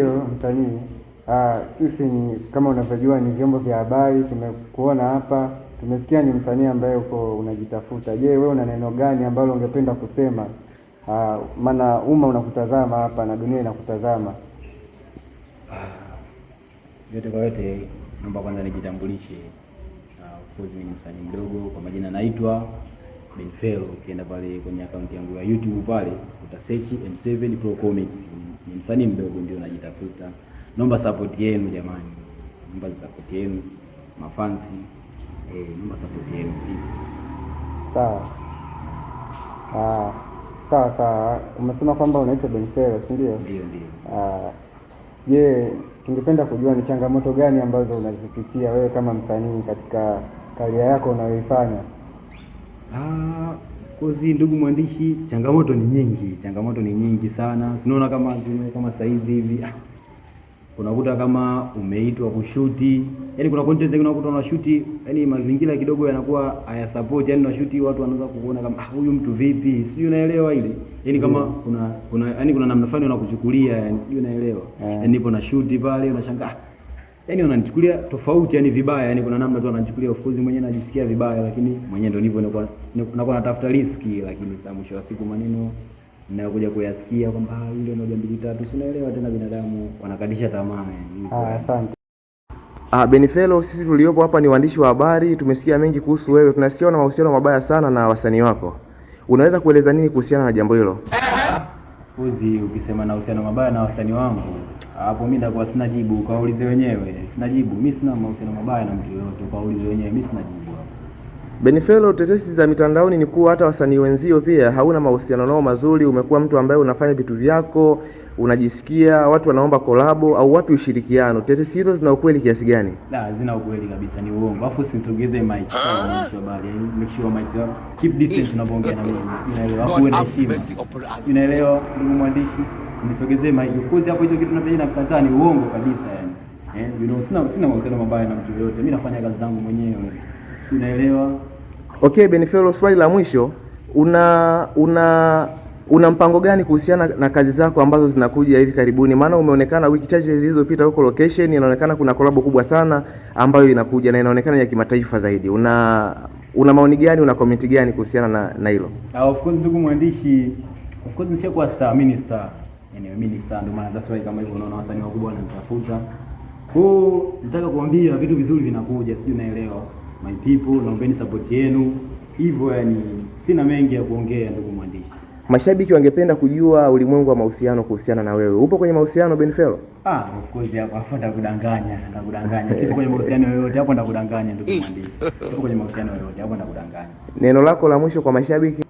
Ndiyo msanii, ah, sisi ni kama unavyojua ni vyombo vya habari, tumekuona hapa, tumesikia ni msanii ambaye uko unajitafuta. Je, wewe una neno gani ambalo ungependa kusema? Ah, maana umma unakutazama hapa na dunia inakutazama. Ah, yote kwa yote, naomba kwanza nijitambulishe. Ah, of mimi ni msanii mdogo, kwa majina naitwa Benfero. Ukienda pale kwenye akaunti yangu ya YouTube pale uta search M7 Pro Comics. Ni msanii mdogo ndio najitafuta. Naomba support yenu jamani, naomba support yenu mafansi, eh, naomba support yenu. Sawa ah, sawa sawa. Umesema kwamba unaitwa Benfero, si ndio? Ndio, ndio. Ah, Je, tungependa kujua ni changamoto gani ambazo unazipitia wewe kama msanii katika karia yako unayoifanya? Ah, kozi ndugu mwandishi, changamoto ni nyingi, changamoto ni nyingi sana. Sinaona kama kama sasa hivi ah, unakuta kama umeitwa kushuti, yani kuna content zingine unakuta unashuti, yani mazingira kidogo yanakuwa hayasupport, yaani unashuti watu wanaanza kukuona kama ah, huyu mtu vipi, sijui unaelewa ile yani kama mm. kuna kuna yani kuna namna fulani unakuchukulia, yani sijui unaelewa, ah. yaani yeah. nipo na shuti pale unashangaa yani wananichukulia tofauti, yani vibaya, yani kuna namna tu wananichukulia. Of course mwenyewe najisikia vibaya, lakini mwenyewe ndo nivyo, nakuwa natafuta riski, lakini saa mwisho wa siku maneno nakuja kuyasikia kwamba yule ah, moja mbili tatu, sinaelewa tena, binadamu wanakatisha tamaa. Yaani asante. Ah, Benifelo, sisi tuliopo hapa ni waandishi wa habari, tumesikia mengi kuhusu wewe, tunasikia una mahusiano mabaya sana na wasanii wako. Unaweza kueleza nini kuhusiana na jambo hilo? Uzi ukisema na uhusiano mabaya na wasanii wangu hapo mimi ndakuwa sina jibu, kaulize wenyewe. Sina jibu mimi, sina mahusiano mabaya na mtu yoyote, kaulize wenyewe, mimi sina jibu. hapo. Benifelo, tetesi za mitandaoni ni kuwa hata wasanii wenzio pia hauna mahusiano nao mazuri. Umekuwa mtu ambaye unafanya vitu vyako, unajisikia watu wanaomba kolabo au watu ushirikiano. Tetesi hizo zina ukweli kiasi gani? La, zina ukweli kabisa, ni uongo. Alafu usinisogeze mic sana, habari make sure mic yako keep distance unapoongea na mimi, unaelewa? Unaelewa ndugu mwandishi usinisogezee maji. Of course hapo hicho kitu na nakataa ni uongo kabisa yani. Eh, you know sina sina mahusiano mabaya na mtu yoyote. Mimi nafanya kazi zangu mwenyewe. Unaelewa? Okay, Benifelo, swali la mwisho, una una una mpango gani kuhusiana na kazi zako ambazo zinakuja hivi karibuni? Maana umeonekana wiki chache zilizopita huko location, inaonekana kuna kolabo kubwa sana ambayo inakuja na inaonekana ya kimataifa zaidi. Una una maoni gani, una comment gani kuhusiana na na hilo? Ah, of course ndugu mwandishi, of course nishakuwa star, mimi ni star eneo mimi ni star, ndio maana sasa kama hivyo unaona wasanii wakubwa wananitafuta. Kwa hiyo nataka kuambia vitu vizuri vinakuja, sijui naelewa. My people, naombeni support yenu. Hivyo yani, sina mengi ya kuongea, ndugu mwandishi. Mashabiki wangependa kujua ulimwengu wa mahusiano kuhusiana na wewe. Upo kwenye mahusiano Benfelo? Ah, of course hapo hapo ndakudanganya, ndakudanganya. Sipo kwenye mahusiano yoyote, hapo ndakudanganya ndugu mwandishi. Sipo kwenye mahusiano yoyote, hapo ndakudanganya. Neno lako la mwisho kwa mashabiki